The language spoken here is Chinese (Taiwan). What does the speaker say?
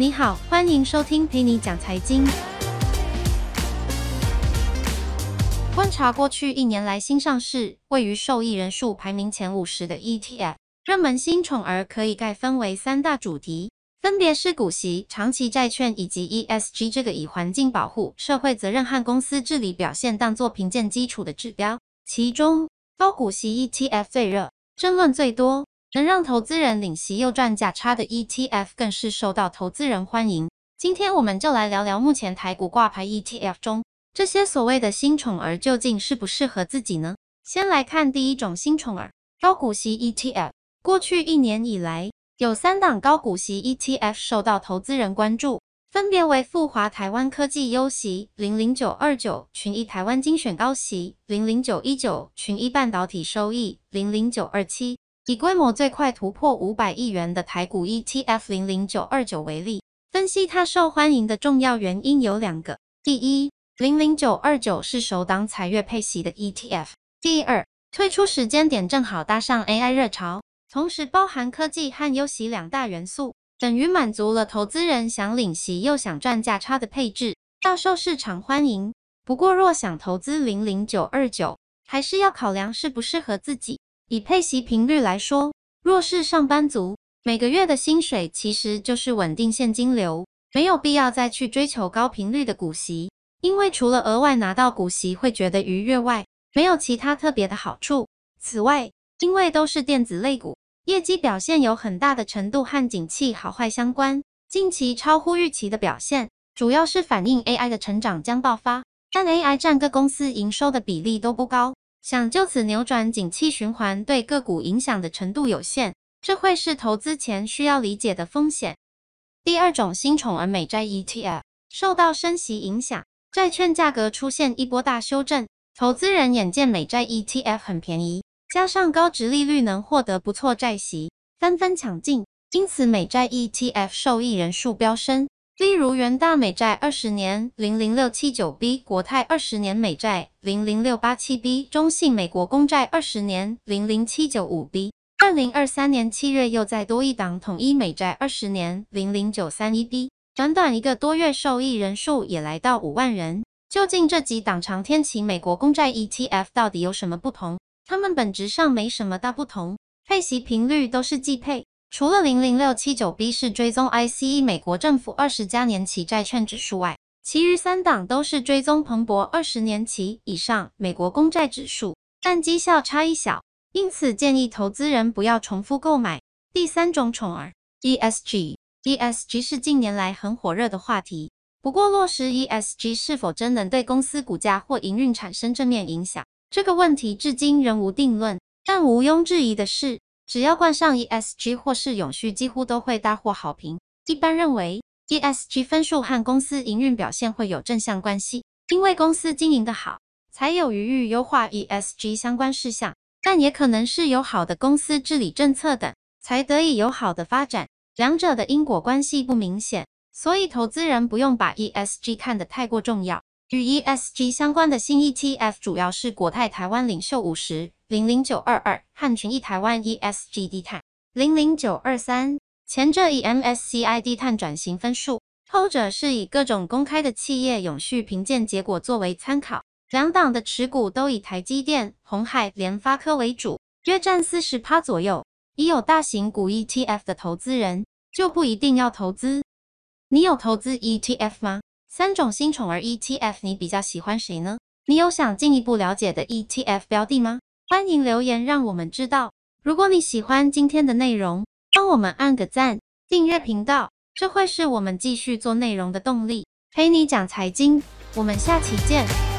你好，歡迎收聽《裴妮講財經》。觀察過去一年來新上市、位於受益人數排名前五十的 ETF，熱門新寵兒可以概分為三大主題，分別是股息、長期債券以及 ESG，這個以環境保護、社會責任和公司治理表現當作評鑑基礎的指標。其中高股息 ETF 最熱，爭論最多。能讓投資人領息又賺價差的 ETF 更是受到投資人歡迎。今天我們就來聊聊目前台股掛牌 ETF 中，這些所謂的新寵兒，究竟適不適合自己呢？先來看第一種新寵兒，高股息 ETF。過去一年以來，有三檔高股息 ETF 受到投資人關注，分別為復華台灣科技優息零零九二九、群益台灣精選高息零零九一九、群益半導體收益零零九二七。以規模最快突破五百億元的台股 ETF 00929為例，分析它受歡迎的重要原因有兩個：第一，00929是首檔採月配息的 ETF；第二，推出時間點正好搭上 AI 熱潮，同時包含科技和優息兩大元素，等於滿足了投資人想領息又想賺價差的配置，大受市場歡迎。不過，若想投資00929，還是要考量適不適合自己。以配息頻率來說，若是上班族，每個月的薪水其實就是穩定現金流，沒有必要再去追求高頻率的股息，因為除了額外拿到股息會覺得愉悅外，沒有其他特別的好處。此外，因為都是電子類股，業績表現有很大的程度和景氣好壞相關。近期超乎預期的表現，主要是反映 AI 的成長將爆發，但 AI 佔各公司營收的比例都不高。想就此扭轉景氣循環，對個股影響的程度有限，這會是投資前需要理解的風險。第二種新寵兒美債 ETF，受到升息影響，債券價格出現一波大修正，投資人眼見美債 ETF 很便宜，加上高殖利率能獲得不錯債息，紛紛搶進，因此美債 ETF 受益人數飆升。例如元大美債二十年零零六七九 B、國泰二十年美債零零六八七 B、中信美國公債二十年零零七九五 B，二零二三年七月又再多一檔統一美債二十年零零九三一 B，短短一個多月，受益人數也來到五萬人。究竟這幾檔長天期美國公債 ETF 到底有什麼不同？它們本質上沒什麼大不同，配息頻率都是季配。除了零零六七九 B 是追蹤 ICE 美國政府二十加年期債券指數外，其餘三檔都是追蹤彭博二十年期以上美國公債指數，但績效差異小，因此建議投資人不要重複購買。第三種寵兒 ESG，ESG ESG 是近年來很火熱的話題，不過落實 ESG 是否真能對公司股價或營運產生正面影響，這個問題至今仍無定論，但毋庸置疑的是，只要冠上 ESG 或是永續，幾乎都會大獲好評。一般認為，ESG 分數和公司營運表現會有正向關係，因為公司經營得好，才有餘裕優化 ESG 相關事項；但也可能是有好的公司治理政策等，才得以有好的發展。兩者的因果關係不明顯，所以投資人不用把 ESG 看得太過重要。與 ESG 相關的新 ETF 主要是國泰台灣領袖五十。零零九二二漢群益台灣 ESG 低碳，零零九二三，前者以 MSCI 低碳轉型分數，後者是以各種公開的企業永續評鑑結果作為參考。兩檔的持股都以台積電、鴻海、聯發科為主，約占四十趴左右。已有大型股 ETF 的投資人就不一定要投資。你有投資 ETF 嗎？三種新寵兒 ETF，你比較喜歡誰呢？你有想進一步了解的 ETF 標的嗎？歡迎留言，讓我們知道。如果你喜歡今天的內容，幫我們按個讚，訂閱頻道，這會是我們繼續做內容的動力。裴妮講財經，我們下期見。